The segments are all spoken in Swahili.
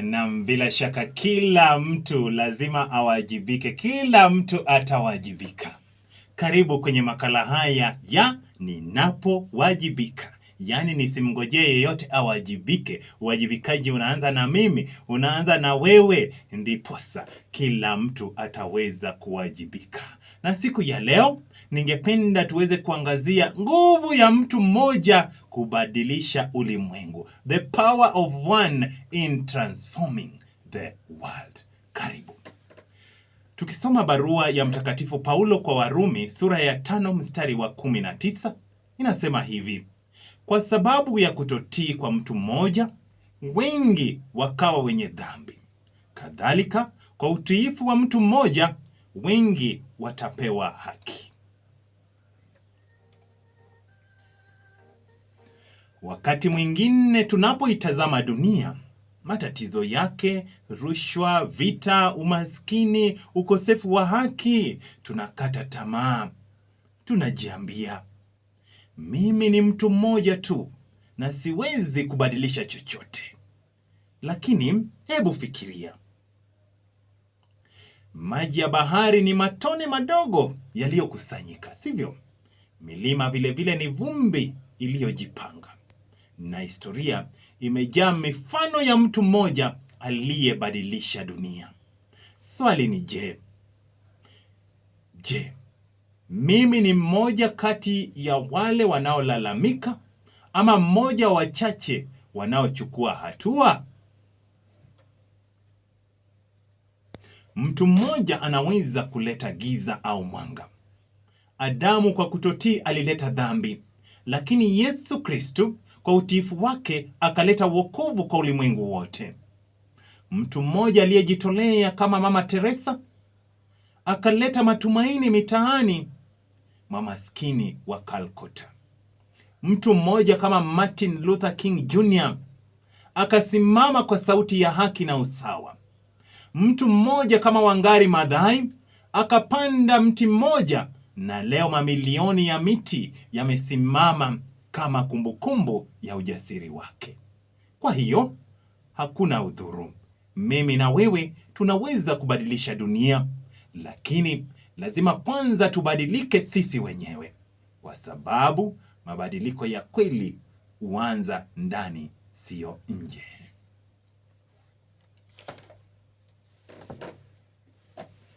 Na bila shaka kila mtu lazima awajibike, kila mtu atawajibika. Karibu kwenye makala haya ya Ninapowajibika. Yaani nisimngojee yeyote awajibike. Uwajibikaji unaanza na mimi, unaanza na wewe, ndiposa kila mtu ataweza kuwajibika. Na siku ya leo ningependa tuweze kuangazia nguvu ya mtu mmoja kubadilisha ulimwengu, the power of one in transforming the world. Karibu. Tukisoma barua ya Mtakatifu Paulo kwa Warumi sura ya tano mstari wa 19 inasema hivi: kwa sababu ya kutotii kwa mtu mmoja, wengi wakawa wenye dhambi. Kadhalika, kwa utiifu wa mtu mmoja, wengi watapewa haki. Wakati mwingine tunapoitazama dunia, matatizo yake, rushwa, vita, umaskini, ukosefu wa haki, tunakata tamaa, tunajiambia mimi ni mtu mmoja tu na siwezi kubadilisha chochote. Lakini hebu fikiria, maji ya bahari ni matone madogo yaliyokusanyika, sivyo? Milima vilevile vile ni vumbi iliyojipanga, na historia imejaa mifano ya mtu mmoja aliyebadilisha dunia. Swali ni je, je mimi ni mmoja kati ya wale wanaolalamika ama mmoja wachache wanaochukua hatua? Mtu mmoja anaweza kuleta giza au mwanga. Adamu kwa kutotii alileta dhambi, lakini Yesu Kristo kwa utiifu wake akaleta wokovu kwa ulimwengu wote. Mtu mmoja aliyejitolea kama Mama Teresa akaleta matumaini mitaani mamaskini wa Calcutta. Mtu mmoja kama Martin Luther King Jr. akasimama kwa sauti ya haki na usawa. Mtu mmoja kama Wangari Maathai akapanda mti mmoja, na leo mamilioni ya miti yamesimama kama kumbukumbu kumbu ya ujasiri wake. Kwa hiyo hakuna udhuru, mimi na wewe tunaweza kubadilisha dunia, lakini lazima kwanza tubadilike sisi wenyewe, kwa sababu mabadiliko ya kweli huanza ndani, siyo nje.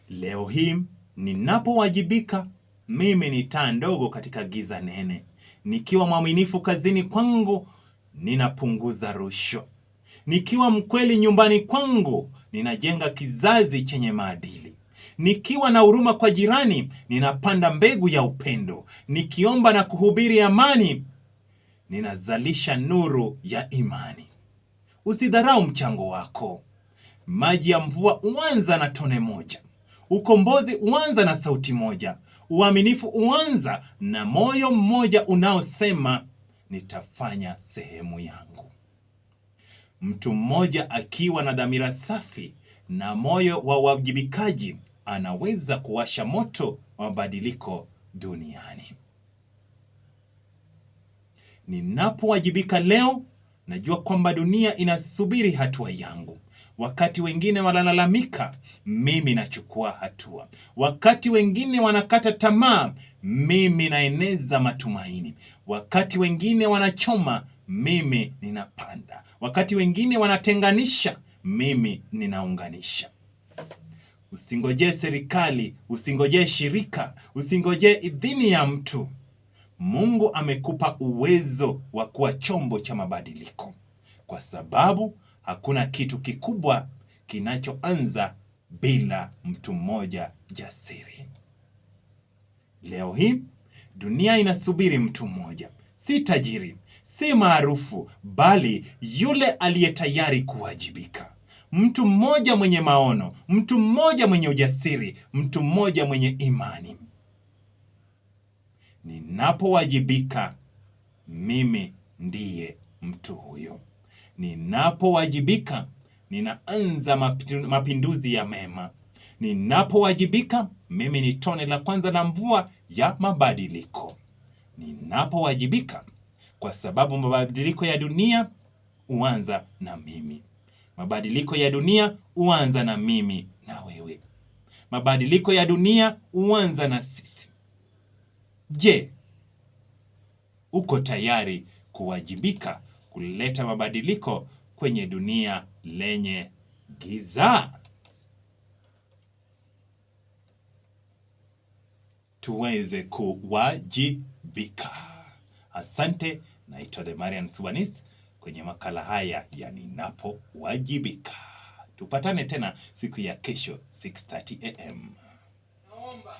Leo hii ninapowajibika, mimi ni taa ndogo katika giza nene. Nikiwa mwaminifu kazini kwangu, ninapunguza rushwa. Nikiwa mkweli nyumbani kwangu, ninajenga kizazi chenye maadili. Nikiwa na huruma kwa jirani, ninapanda mbegu ya upendo. Nikiomba na kuhubiri amani, ninazalisha nuru ya imani. Usidharau mchango wako. Maji ya mvua huanza na tone moja. Ukombozi huanza na sauti moja. Uaminifu huanza na moyo mmoja unaosema nitafanya sehemu yangu. Mtu mmoja akiwa na dhamira safi na moyo wa uwajibikaji anaweza kuwasha moto wa mabadiliko duniani. Ninapowajibika leo, najua kwamba dunia inasubiri hatua yangu. Wakati wengine wanalalamika, mimi nachukua hatua. Wakati wengine wanakata tamaa, mimi naeneza matumaini. Wakati wengine wanachoma, mimi ninapanda. Wakati wengine wanatenganisha, mimi ninaunganisha. Usingojee serikali, usingojee shirika, usingojee idhini ya mtu. Mungu amekupa uwezo wa kuwa chombo cha mabadiliko, kwa sababu hakuna kitu kikubwa kinachoanza bila mtu mmoja jasiri. Leo hii dunia inasubiri mtu mmoja, si tajiri, si maarufu, bali yule aliye tayari kuwajibika mtu mmoja mwenye maono, mtu mmoja mwenye ujasiri, mtu mmoja mwenye imani. Ninapowajibika mimi ndiye mtu huyo. Ninapowajibika ninaanza mapinduzi ya mema. Ninapowajibika mimi ni tone la kwanza la mvua ya mabadiliko. Ninapowajibika, kwa sababu mabadiliko ya dunia huanza na mimi. Mabadiliko ya dunia huanza na mimi na wewe. Mabadiliko ya dunia huanza na sisi. Je, uko tayari kuwajibika kuleta mabadiliko kwenye dunia lenye giza? Tuweze kuwajibika. Asante, naitwa The Marian Subanis kwenye makala haya ya Ninapowajibika. Tupatane tena siku ya kesho 6:30 am. Naomba